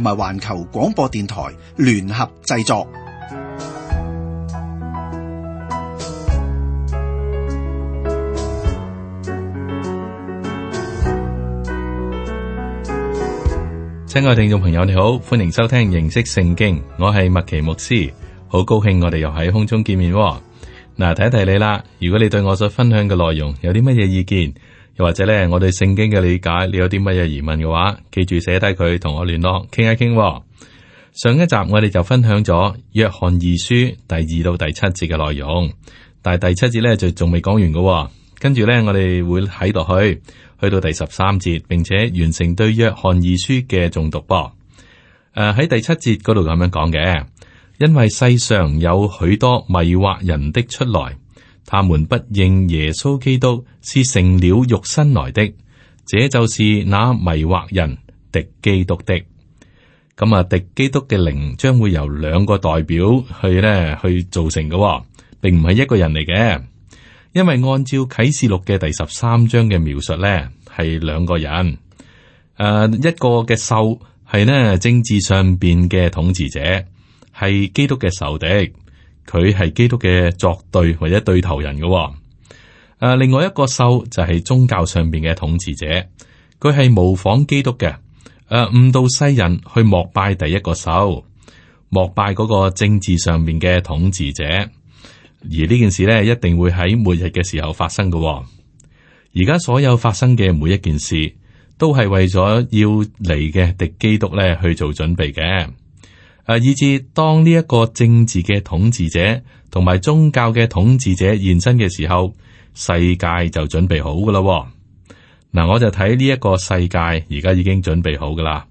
同埋環球廣播電台聯合製作，親愛聽眾朋友你好，歡迎收聽認識聖經，我係麥奇牧師，好高興我哋又喺空中見面喎。嗱，提一提你啦，如果你對我所分享嘅內容有啲乜嘢意見，又或者咧，我哋聖經嘅理解，你有啲乜嘢疑問嘅話，記住寫低佢同我聯絡傾一傾。上一集我哋就分享咗約翰二書第二到第七節嘅內容，但係第七節咧就仲未講完嘅。跟住咧，我哋會喺度去去到第十三節，並且完成對約翰二書嘅誦讀噃。呃，誒喺第七節嗰度咁樣講嘅，因為世上有許多迷惑人的出來。他們不認耶穌基督是成了肉身來的，這就是那迷惑人敵基督的。咁啊，敵基督嘅靈將會由兩個代表去呢去造成嘅，並唔係一個人嚟嘅。因為按照啟示錄嘅第十三章嘅描述呢，係兩個人。誒、呃，一個嘅獸係呢政治上邊嘅統治者，係基督嘅仇敵。佢係基督嘅作對或者對頭人嘅、哦，誒、啊，另外一個獸就係宗教上邊嘅統治者，佢係模仿基督嘅，誒、啊，誤導世人去膜拜第一個獸，膜拜嗰個政治上面嘅統治者，而呢件事咧，一定會喺末日嘅時候發生嘅、哦。而家所有發生嘅每一件事，都係為咗要嚟嘅敵基督咧去做準備嘅。啊，以至當呢一個政治嘅統治者同埋宗教嘅統治者現身嘅時候，世界就準備好噶啦。嗱、嗯，我就睇呢一個世界而家已經準備好噶啦。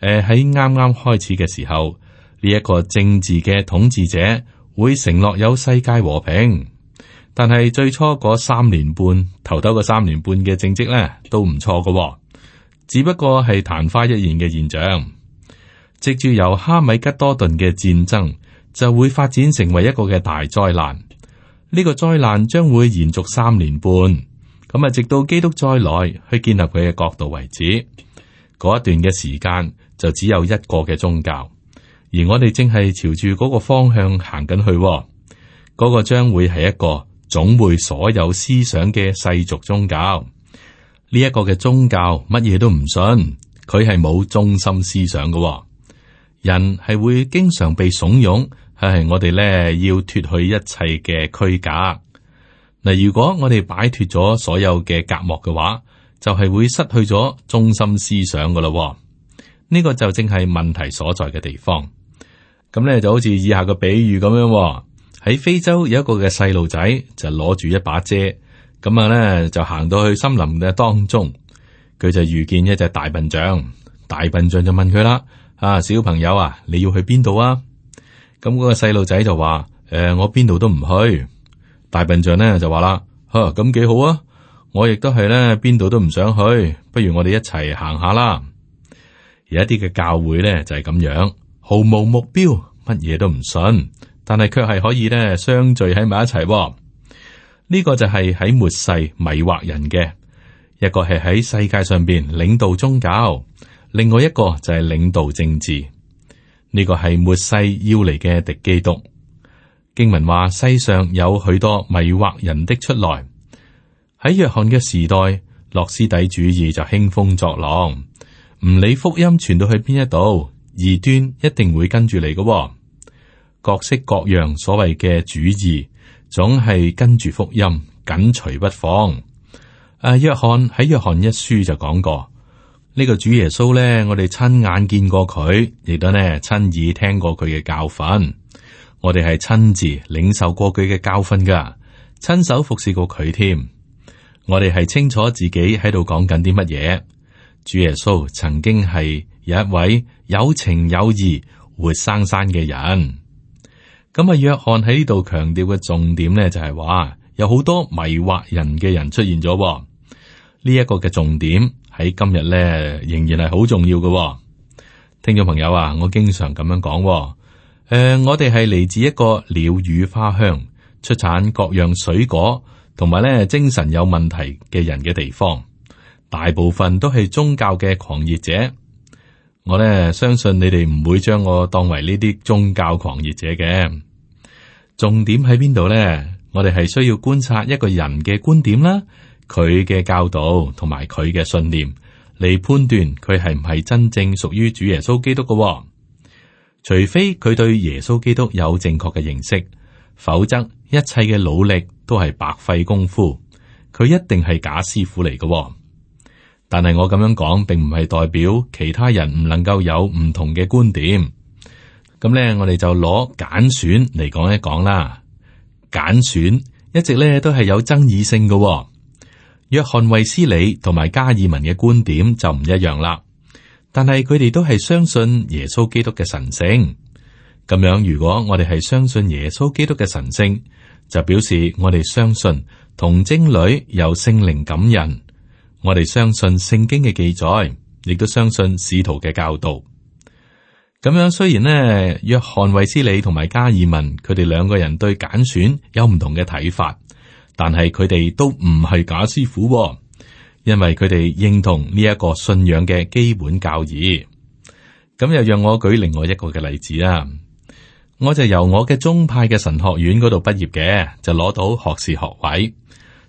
誒、呃，喺啱啱開始嘅時候，呢、這、一個政治嘅統治者會承諾有世界和平，但係最初嗰三年半頭頭嘅三年半嘅政績咧都唔錯噶、哦，只不過係曇花一現嘅現象。直接由哈米吉多頓嘅戰爭就會發展成為一個嘅大災難。呢、這個災難將會延續三年半，咁啊，直到基督再來去建立佢嘅國度為止。嗰一段嘅時間就只有一個嘅宗教，而我哋正係朝住嗰個方向行緊去。嗰、這個將會係一個總會所有思想嘅世俗宗教。呢、這、一個嘅宗教乜嘢都唔信，佢係冇中心思想嘅、哦。人係會經常被慫恿，係我哋咧要脫去一切嘅拘架。嗱，如果我哋擺脫咗所有嘅隔膜嘅話，就係、是、會失去咗中心思想噶啦、哦。呢、這個就正係問題所在嘅地方。咁咧就好似以下個比喻咁樣，喺非洲有一個嘅細路仔就攞住一把遮，咁啊咧就行到去森林嘅當中，佢就遇見一隻大笨象，大笨象就問佢啦。啊，小朋友啊，你要去邊度啊？咁嗰個細路仔就話，誒、呃，我邊度都唔去。大笨象呢就話啦，呵、啊，咁幾好啊！我亦都係咧，邊度都唔想去。不如我哋一齊行下啦。有一啲嘅教會咧就係、是、咁樣，毫無目標，乜嘢都唔信，但係卻係可以咧相聚喺埋一齊、啊。呢、這個就係喺末世迷惑人嘅一個係喺世界上邊領導宗教。另外一個就係領導政治，呢個係末世要嚟嘅敵基督。經文話：世上有許多迷惑人的出來。喺約翰嘅時代，諾斯底主義就興風作浪，唔理福音傳到去邊一度，異端一定會跟住嚟嘅。各式各樣所謂嘅主義，總係跟住福音緊隨不放。誒、啊，約翰喺約翰一書就講過。呢個主耶穌咧，我哋親眼見過佢，亦都呢親耳聽過佢嘅教訓，我哋係親自領受過佢嘅教訓噶，親手服侍過佢添。我哋係清楚自己喺度講緊啲乜嘢。主耶穌曾經係有一位有情有義、活生生嘅人。咁啊，約翰喺呢度強調嘅重點呢，就係話有好多迷惑人嘅人出現咗。呢一個嘅重點。喺今日咧，仍然係好重要嘅，哦。聽眾朋友啊，我經常咁樣講，哦，誒、呃，我哋係嚟自一個鳥語花香、出產各樣水果，同埋咧精神有問題嘅人嘅地方，大部分都係宗教嘅狂熱者。我咧相信你哋唔會將我當為呢啲宗教狂熱者嘅。重點喺邊度咧？我哋係需要觀察一個人嘅觀點啦。佢嘅教導同埋佢嘅信念嚟判斷佢係唔係真正屬於主耶穌基督嘅、哦，除非佢對耶穌基督有正確嘅認識，否則一切嘅努力都係白費功夫。佢一定係假師傅嚟嘅、哦。但係我咁樣講，並唔係代表其他人唔能夠有唔同嘅觀點。咁呢，我哋就攞揀選嚟講一講啦。揀選一直呢都係有爭議性嘅、哦。約翰衛斯理同埋加爾文嘅觀點就唔一樣啦，但係佢哋都係相信耶穌基督嘅神聖。咁樣，如果我哋係相信耶穌基督嘅神聖，就表示我哋相信童貞女有聖靈感人，我哋相信聖經嘅記載，亦都相信使徒嘅教導。咁樣，雖然呢，約翰衛斯理同埋加爾文佢哋兩個人對揀選有唔同嘅睇法。但係佢哋都唔係假師傅，哦，因為佢哋認同呢一個信仰嘅基本教義。咁又讓我舉另外一個嘅例子啦。我就由我嘅宗派嘅神學院嗰度畢業嘅，就攞到學士學位。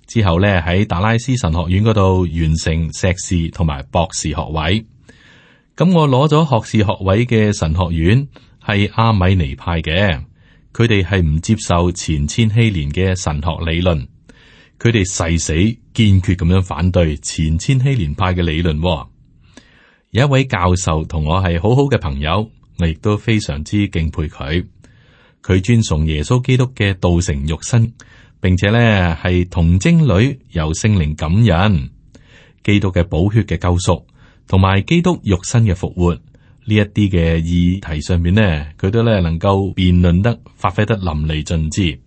之後呢，喺達拉斯神學院嗰度完成碩士同埋博士學位。咁我攞咗學士學位嘅神學院係阿米尼派嘅，佢哋係唔接受前千禧年嘅神學理論。佢哋誓死堅決咁樣反對前千禧年派嘅理論。有一位教授同我係好好嘅朋友，我亦都非常之敬佩佢。佢尊崇耶穌基督嘅道成肉身，並且咧係童貞女由聖靈感人，基督嘅寶血嘅救贖，同埋基督肉身嘅復活呢一啲嘅議題上面咧，佢都咧能夠辯論得發揮得淋漓盡致。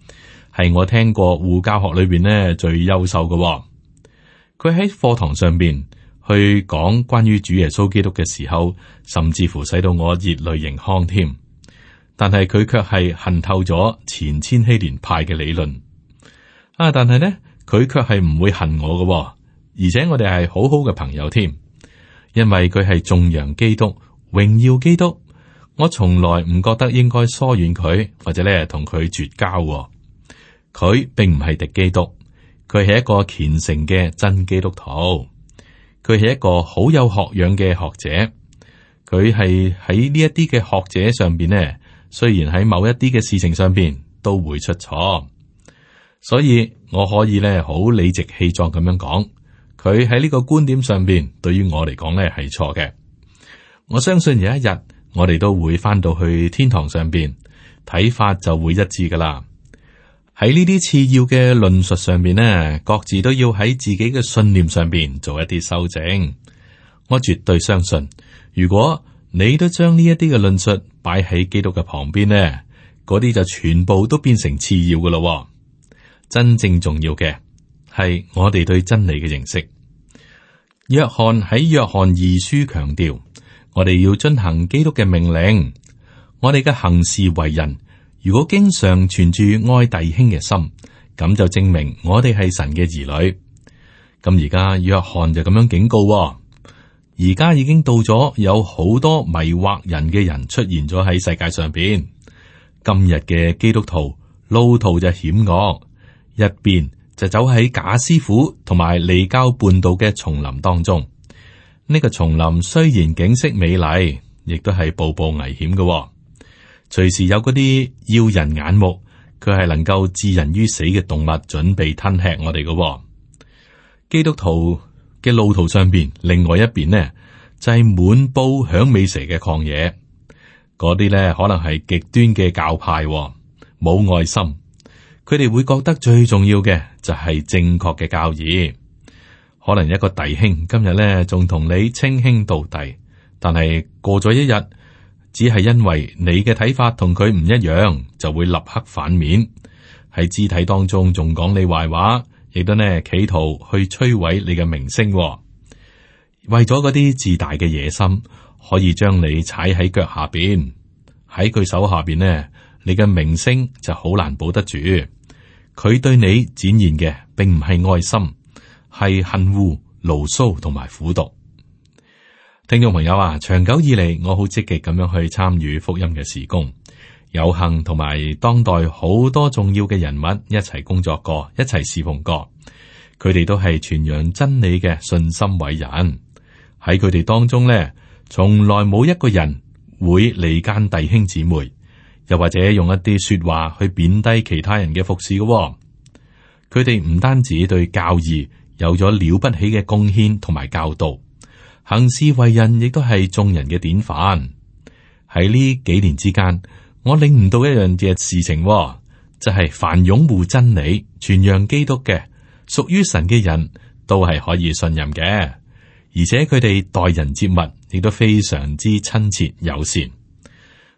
係我聽過護教學裏邊呢最優秀嘅、哦。佢喺課堂上邊去講關於主耶穌基督嘅時候，甚至乎使到我熱淚盈眶添。但係佢卻係恨透咗前千禧年派嘅理論啊。但係呢，佢卻係唔會恨我嘅、哦，而且我哋係好好嘅朋友添。因為佢係頌揚基督、榮耀基督，我從來唔覺得應該疏遠佢，或者咧同佢絕交、哦。佢並唔係敵基督，佢係一個虔誠嘅真基督徒，佢係一個好有學養嘅學者，佢係喺呢一啲嘅學者上邊呢，雖然喺某一啲嘅事情上邊都會出錯，所以我可以呢好理直氣壯咁樣講，佢喺呢個觀點上邊，對於我嚟講呢係錯嘅。我相信有一日我哋都會翻到去天堂上邊，睇法就會一致噶啦。喺呢啲次要嘅論述上面，呢各自都要喺自己嘅信念上邊做一啲修正。我絕對相信，如果你都將呢一啲嘅論述擺喺基督嘅旁邊呢，嗰啲就全部都變成次要嘅咯。真正重要嘅係我哋對真理嘅認識。約翰喺約翰二書強調，我哋要遵行基督嘅命令，我哋嘅行事為人。如果經常存住愛弟兄嘅心，咁就證明我哋係神嘅兒女。咁而家約翰就咁樣警告，而家已經到咗有好多迷惑人嘅人出現咗喺世界上邊。今日嘅基督徒路途就險惡，一邊就走喺假師傅同埋離交半島嘅叢林當中。呢個叢林雖然景色美麗，亦都係步步危險嘅。隨時有嗰啲要人眼目，佢係能夠致人於死嘅動物，準備吞吃我哋嘅。基督徒嘅路途上邊，另外一邊呢，就係滿布響尾蛇嘅曠野，嗰啲呢，可能係極端嘅教派，冇愛心，佢哋會覺得最重要嘅就係正確嘅教義。可能一個弟兄今日呢，仲同你稱兄道弟，但係過咗一日。只係因為你嘅睇法同佢唔一樣，就會立刻反面，喺肢體當中仲講你壞話，亦都呢企圖去摧毀你嘅名聲，為咗嗰啲自大嘅野心，可以將你踩喺腳下邊，喺佢手下邊呢，你嘅名聲就好難保得住。佢對你展現嘅並唔係愛心，係恨惡、牢騷同埋苦毒。聽眾朋友啊，長久以嚟我好積極咁樣去參與福音嘅事工，有幸同埋當代好多重要嘅人物一齊工作過，一齊侍奉過。佢哋都係傳揚真理嘅信心偉人。喺佢哋當中咧，從來冇一個人會離間弟兄姊妹，又或者用一啲說話去貶低其他人嘅服侍嘅，哦。佢哋唔單止對教義有咗了了不起嘅貢獻同埋教導。行事為人亦都係眾人嘅典範。喺呢幾年之間，我領唔到一樣嘅事情、哦，即係凡擁護真理、傳揚基督嘅，屬於神嘅人都係可以信任嘅。而且佢哋待人接物亦都非常之親切友善。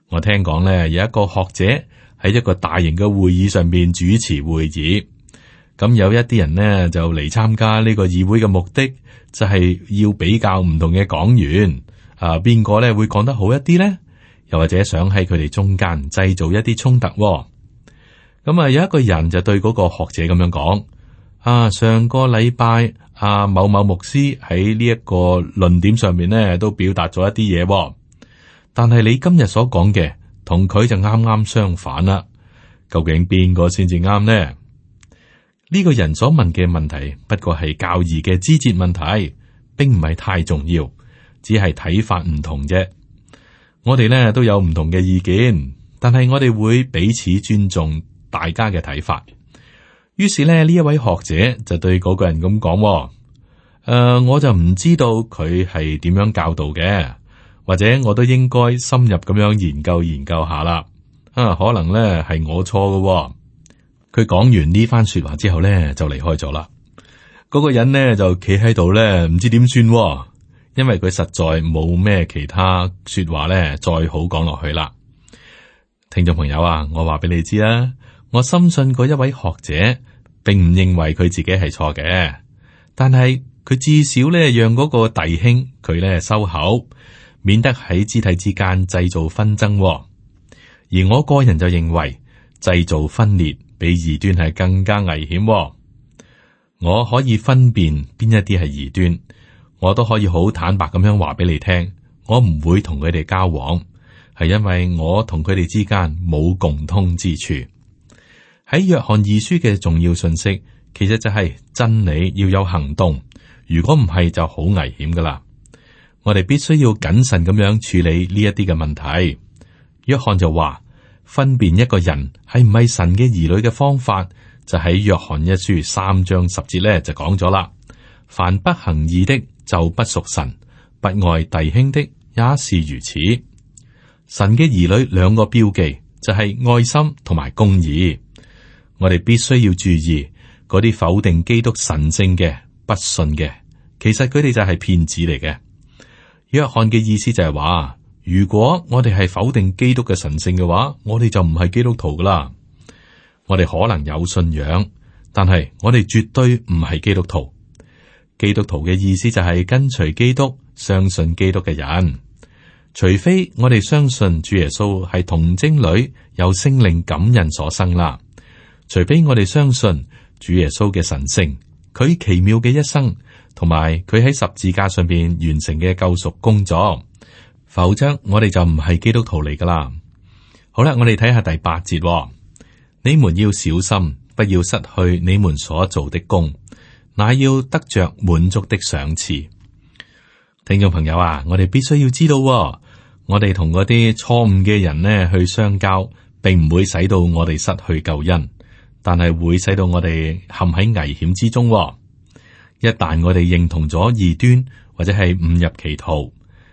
我聽講咧，有一個學者喺一個大型嘅會議上邊主持會議。咁有一啲人呢，就嚟參加呢個議會嘅目的，就係要比較唔同嘅講員啊，邊個咧會講得好一啲呢？又或者想喺佢哋中間製造一啲衝突哦。咁啊，有一個人就對嗰個學者咁樣講：啊，上個禮拜阿某某牧師喺呢一個論點上面呢，都表達咗一啲嘢哦，但係你今日所講嘅同佢就啱啱相反啦。究竟邊個先至啱呢？」呢個人所問嘅問題，不過係教義嘅枝節問題，並唔係太重要，只係睇法唔同啫。我哋呢都有唔同嘅意見，但係我哋會彼此尊重大家嘅睇法。於是呢，呢一位學者就對嗰個人咁講，哦，誒、呃，我就唔知道佢係點樣教導嘅，或者我都應該深入咁樣研究研究下啦。啊，可能呢係我錯嘅，哦。佢講完呢番說話之後咧，就離開咗啦。嗰個人咧就企喺度咧，唔知點算喎，因為佢實在冇咩其他說話咧，再好講落去啦。聽眾朋友啊，我話俾你知啊。我深信嗰一位學者並唔認為佢自己係錯嘅，但係佢至少咧讓嗰個弟兄佢咧收口，免得喺肢體之間製造紛爭喎。而我個人就認為製造分裂。比異端係更加危險。我可以分辨邊一啲係異端，我都可以好坦白咁樣話俾你聽。我唔會同佢哋交往，係因為我同佢哋之間冇共通之處。喺約翰二書嘅重要信息，其實就係真理要有行動，如果唔係就好危險㗎喇。我哋必須要謹慎咁樣處理呢一啲嘅問題。約翰就話。分辨一個人係唔係神嘅兒女嘅方法，就喺約翰一書三章十節咧就講咗啦。凡不行義的，就不屬神；不愛弟兄的，也是如此。神嘅兒女兩個標記就係、是、愛心同埋公義。我哋必須要注意嗰啲否定基督神聖嘅、不信嘅，其實佢哋就係騙子嚟嘅。約翰嘅意思就係話。如果我哋係否定基督嘅神聖嘅話，我哋就唔係基督徒噶啦。我哋可能有信仰，但係我哋絕對唔係基督徒。基督徒嘅意思就係跟隨基督、相信基督嘅人。除非我哋相信主耶穌係童貞女有聖靈感人所生啦，除非我哋相信主耶穌嘅神聖，佢奇妙嘅一生，同埋佢喺十字架上邊完成嘅救贖工作。否則我哋就唔係基督徒嚟噶啦。好啦，我哋睇下第八節。哦，你們要小心，不要失去你們所做的工，乃要得着滿足的賞賜。聽眾朋友啊，我哋必須要知道，哦，我哋同嗰啲錯誤嘅人呢去相交，並唔會使到我哋失去救恩，但係會使到我哋陷喺危險之中，哦。一旦我哋認同咗異端，或者係誤入歧途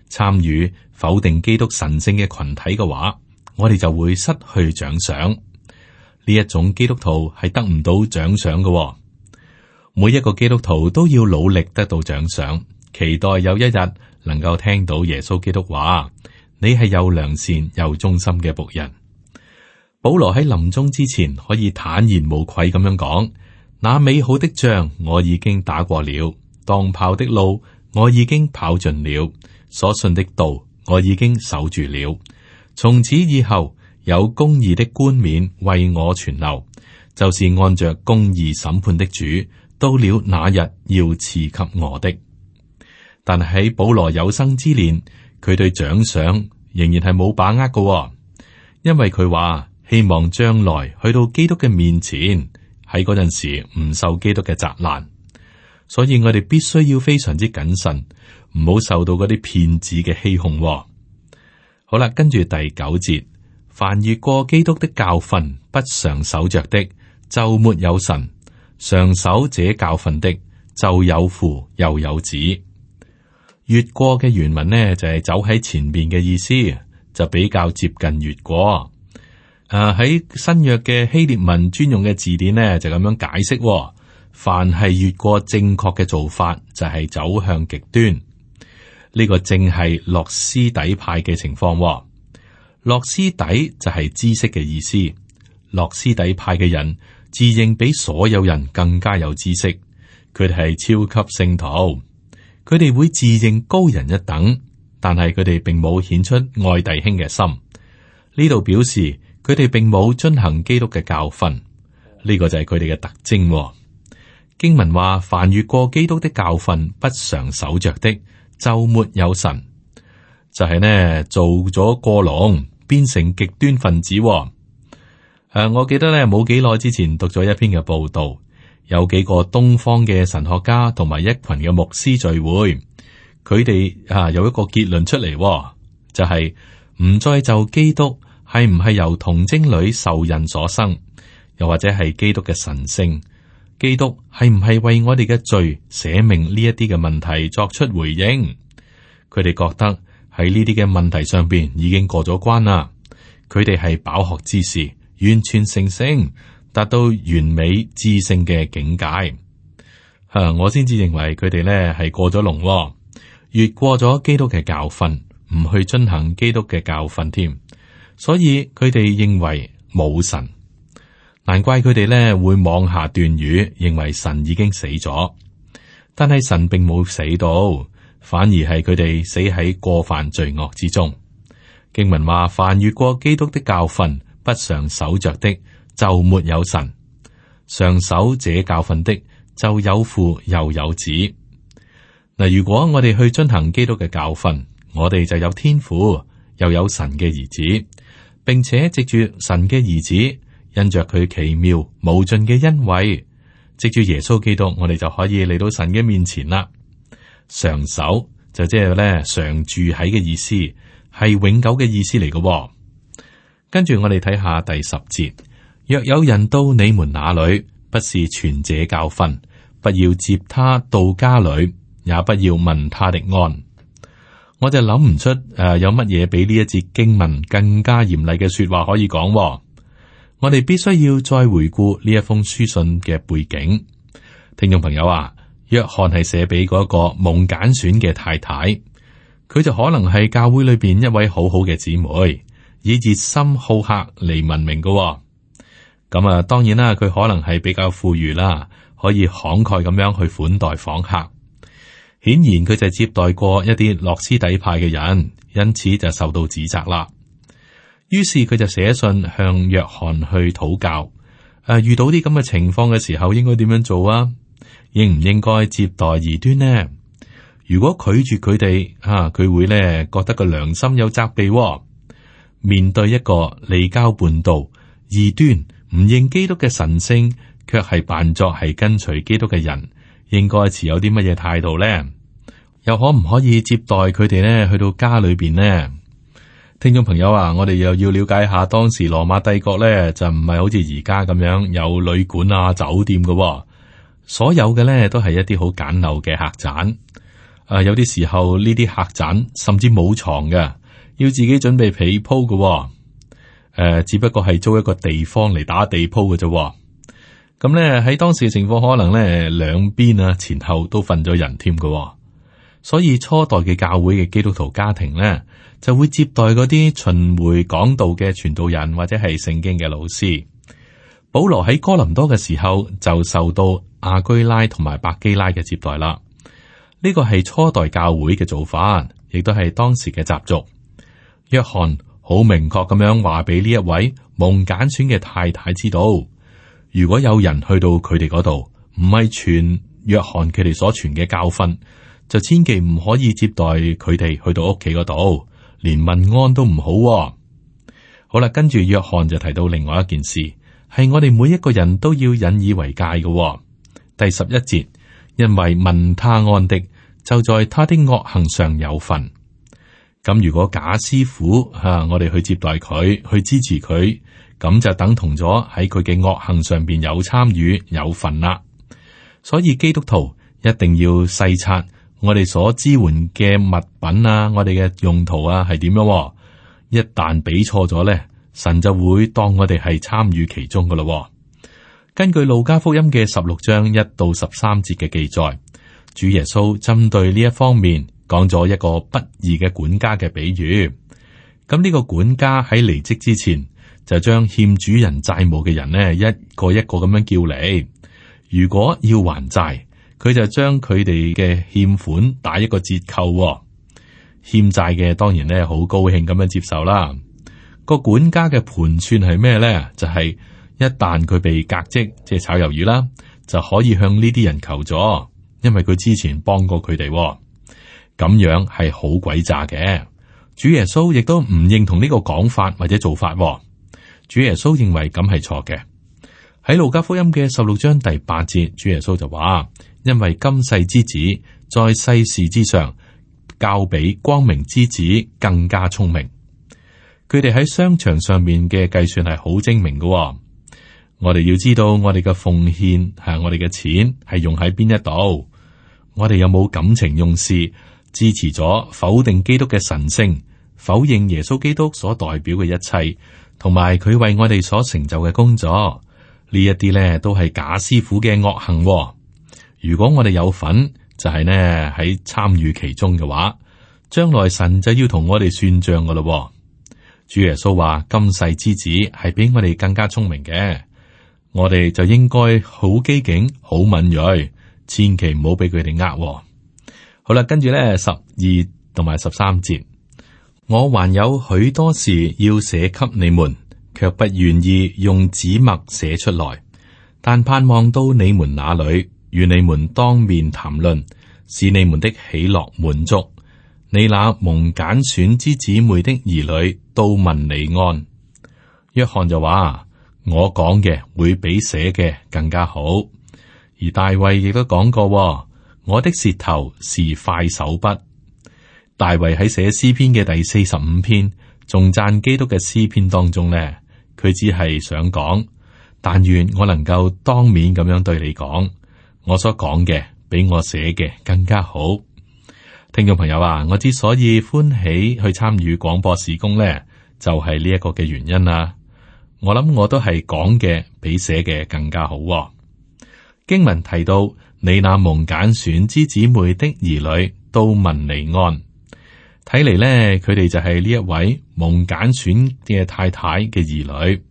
參與否定基督神聖嘅群體嘅話，我哋就會失去獎賞。呢一種基督徒係得唔到獎賞嘅喎。每一個基督徒都要努力得到獎賞，期待有一日能夠聽到耶穌基督話：你係有良善又忠心嘅僕人。保羅喺臨終之前可以坦然無愧咁樣講：那美好的仗我已經打過了，當跑的路我已經跑盡了。所信的道我已經守住了，從此以後有公義的冠冕為我存留，就是按着公義審判的主，到了那日要賜給我的。但喺保羅有生之年，佢對獎賞仍然係冇把握㗎喎，因為佢話希望將來去到基督嘅面前，喺嗰陣時唔受基督嘅責難，所以我哋必須要非常之謹慎。唔好受到嗰啲騙子嘅欺哄。好啦，跟住第九節，凡越過基督的教訓，不常守着的，就沒有神；常守這教訓的，就有父又有子。越過嘅原文呢就係、是、走喺前面嘅意思，就比較接近越過。誒、啊，喺新約嘅希臘文專用嘅字典呢就咁樣解釋、哦，凡係越過正確嘅做法，就係、是、走向極端。呢個正係洛斯底派嘅情況。洛斯底就係知識嘅意思。洛斯底派嘅人自認比所有人更加有知識，佢哋係超級聖徒，佢哋會自認高人一等。但係佢哋並冇顯出愛弟兄嘅心。呢度表示佢哋並冇遵行基督嘅教訓。呢個就係佢哋嘅特徵。經文話：凡越過基督的教訓，不常守着的。就沒有神，就係、是、呢做咗過龍，變成極端分子、哦。誒、啊，我記得呢冇幾耐之前讀咗一篇嘅報道，有幾個東方嘅神學家同埋一群嘅牧師聚會，佢哋啊有一個結論出嚟、哦，就係、是、唔再就基督係唔係由童貞女受孕所生，又或者係基督嘅神聖。基督係唔係為我哋嘅罪寫明呢一啲嘅問題作出回應？佢哋覺得喺呢啲嘅問題上邊已經過咗關啦。佢哋係飽學之士，完全成聖，達到完美知性嘅境界。吓、啊，我先至認為佢哋咧係過咗龍，越過咗基督嘅教訓，唔去進行基督嘅教訓添。所以佢哋認為冇神。難怪佢哋咧會妄下斷語，認為神已經死咗。但係神並冇死到，反而係佢哋死喺過犯罪惡之中。經文話：凡越過基督的教訓，不常守着的，就沒有神；常守這教訓的，就有父又有子。嗱，如果我哋去遵行基督嘅教訓，我哋就有天父，又有神嘅兒子，並且藉住神嘅兒子。因着佢奇妙無盡嘅恩惠，藉住耶穌基督，我哋就可以嚟到神嘅面前啦。常守就即係咧常住喺嘅意思，係永久嘅意思嚟嘅、哦。跟住我哋睇下第十節，若有人到你們那裏，不是傳這教訓，不要接他到家裏，也不要問他的安。我就諗唔出誒、呃，有乜嘢比呢一節經文更加嚴厲嘅說話可以講、哦？我哋必須要再回顧呢一封書信嘅背景。聽眾朋友啊，約翰係寫俾嗰個蒙揀選嘅太太，佢就可能係教會裏邊一位好好嘅姊妹，以熱心好客嚟聞名㗎。咁、嗯、啊，當然啦，佢可能係比較富裕啦，可以慷慨咁樣去款待訪客。顯然佢就接待過一啲諾斯底派嘅人，因此就受到指責啦。於是佢就寫信向約翰去討教，誒、啊，遇到啲咁嘅情況嘅時候，應該點樣做啊？應唔應該接待異端呢？如果拒絕佢哋，吓、啊、佢會呢覺得個良心有責備、哦。面對一個離交叛道、異端、唔認基督嘅神聖，卻係扮作係跟隨基督嘅人，應該持有啲乜嘢態度呢？又可唔可以接待佢哋呢？去到家裏面呢？聽眾朋友啊，我哋又要了解下當時羅馬帝國咧，就唔係好似而家咁樣有旅館啊酒店噶、哦，所有嘅咧都係一啲好簡陋嘅客棧。誒、啊，有啲時候呢啲客棧甚至冇床嘅，要自己準備被鋪噶、哦。誒、啊，只不過係租一個地方嚟打地鋪嘅啫。咁咧喺當時嘅情況，可能咧兩邊啊前後都瞓咗人添嘅、哦。所以初代嘅教會嘅基督徒家庭咧，就會接待嗰啲巡迴講道嘅傳道人或者係聖經嘅老師。保羅喺哥林多嘅時候就受到亞居拉同埋白基拉嘅接待啦。呢個係初代教會嘅做法，亦都係當時嘅習俗。約翰好明確咁樣話俾呢一位蒙揀選嘅太太知道，如果有人去到佢哋嗰度，唔係傳約翰佢哋所傳嘅教訓。就千祈唔可以接待佢哋去到屋企嗰度，連問安都唔好、哦。好啦，跟住約翰就提到另外一件事，係我哋每一個人都要引以為戒嘅、哦。第十一節，因為問他安的就在他的惡行上有份。咁如果假師傅吓、啊，我哋去接待佢，去支持佢，咁就等同咗喺佢嘅惡行上邊有參與有份啦。所以基督徒一定要細察。我哋所支援嘅物品啊，我哋嘅用途啊，係點樣？一旦俾錯咗咧，神就會當我哋係參與其中嘅咯。根據路加福音嘅十六章一到十三節嘅記載，主耶穌針對呢一方面講咗一個不義嘅管家嘅比喻。咁、這、呢個管家喺離職之前，就將欠主人債務嘅人呢，一個一個咁樣叫嚟，如果要還債。佢就將佢哋嘅欠款打一個折扣、喎，欠債嘅當然咧好高興咁樣接受啦。個管家嘅盤算係咩咧？就係、是、一旦佢被革職，即係炒魷魚啦，就可以向呢啲人求助，因為佢之前幫過佢哋、喎。咁樣係好鬼詐嘅。主耶穌亦都唔認同呢個講法或者做法、喎。主耶穌認為咁係錯嘅。喺路加福音嘅十六章第八節，主耶穌就話。因為今世之子在世事之上，較比光明之子更加聰明。佢哋喺商場上面嘅計算係好精明㗎、哦。我哋要知道我哋嘅奉獻係我哋嘅錢係用喺邊一度，我哋有冇感情用事支持咗否定基督嘅神聖，否認耶穌基督所代表嘅一切，同埋佢為我哋所成就嘅工作呢？呢一啲呢，都係假師傅嘅惡行、哦。如果我哋有份就係呢，喺參與其中嘅話，將來神就要同我哋算賬㗎喇喎。主耶穌話，今世之子係比我哋更加聰明嘅，我哋就應該好機警、好敏銳，千祈唔好俾佢哋呃喎。好啦，跟住呢十二同埋十三節，我還有許多事要寫給你們，卻不願意用紙墨寫出來，但盼望到你們那裏。與你們當面談論，使你們的喜樂滿足。你那蒙揀選之姊妹的兒女都問你安。約翰就話：我講嘅會比寫嘅更加好。而大衛亦都講過：我的舌頭是快手筆。大衛喺寫詩篇嘅第四十五篇，仲讚基督嘅詩篇當中咧，佢只係想講，但願我能夠當面咁樣對你講。我所講嘅比我寫嘅更加好，聽眾朋友啊，我之所以歡喜去參與廣播事工呢，就係呢一個嘅原因啦。我諗我都係講嘅比寫嘅更加好啊。經文提到你那蒙揀選之姊妹的兒女都問你安，睇嚟呢，佢哋就係呢一位蒙揀選嘅太太嘅兒女，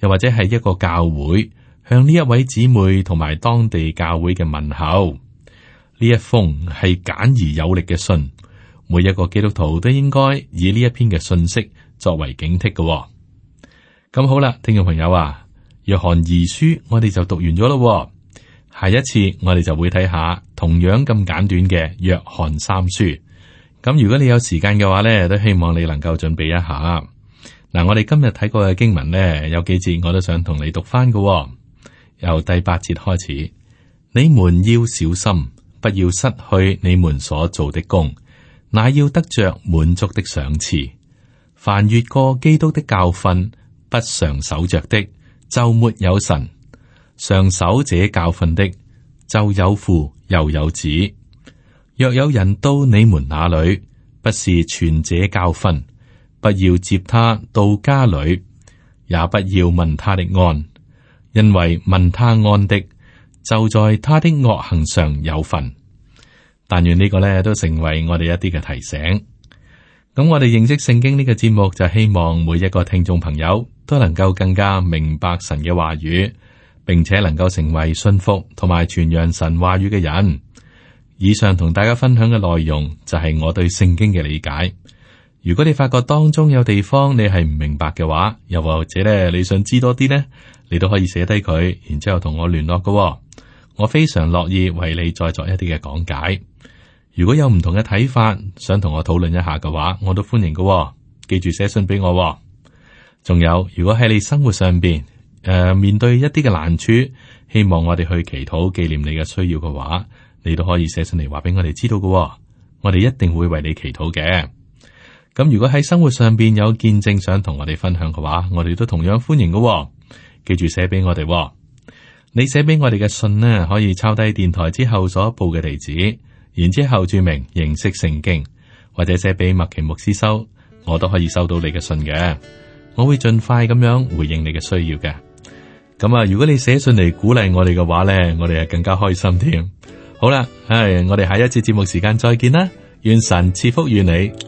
又或者係一個教會。向呢一位姊妹同埋當地教會嘅問候，呢一封係簡而有力嘅信。每一個基督徒都應該以呢一篇嘅信息作為警惕嘅、哦。咁、嗯、好啦，聽眾朋友啊，約翰二書我哋就讀完咗咯。下一次我哋就會睇下同樣咁簡短嘅約翰三書。咁、嗯、如果你有時間嘅話呢，都希望你能夠準備一下。嗱、嗯，我哋今日睇過嘅經文呢，有幾節我都想同你讀翻嘅、哦。由第八節開始，你們要小心，不要失去你們所做的工。乃要得着滿足的賞賜。凡越過基督的教訓不常守着的，就沒有神；常守這教訓的，就有父又有子。若有人到你們那裏，不是傳這教訓，不要接他到家裏，也不要問他的安。因為問他安的，就在他的惡行上有份。但願呢個呢，都成為我哋一啲嘅提醒。咁我哋認識聖經呢個節目就希望每一個聽眾朋友都能夠更加明白神嘅話語，並且能夠成為信服同埋傳揚神話語嘅人。以上同大家分享嘅內容就係我對聖經嘅理解。如果你發覺當中有地方你係唔明白嘅話，又或者咧你想知多啲呢，你都可以寫低佢，然之後同我聯絡㗎喎。我非常樂意為你再作一啲嘅講解。如果有唔同嘅睇法，想同我討論一下嘅話，我都歡迎㗎喎。記住寫信俾我喎。仲有，如果喺你生活上邊誒、呃、面對一啲嘅難處，希望我哋去祈禱紀念你嘅需要嘅話，你都可以寫信嚟話俾我哋知道㗎喎。我哋一定會為你祈禱嘅。咁如果喺生活上邊有見證，想同我哋分享嘅話，我哋都同樣歡迎嘅、哦。記住寫俾我哋、哦，你寫俾我哋嘅信呢，可以抄低電台之後所報嘅地址，然之後注明認識聖經，或者寫俾麥奇牧師收，我都可以收到你嘅信嘅。我會盡快咁樣回應你嘅需要嘅。咁啊，如果你寫信嚟鼓勵我哋嘅話呢，我哋係更加開心添。好啦，係我哋下一次節目時間再見啦。願神賜福與你。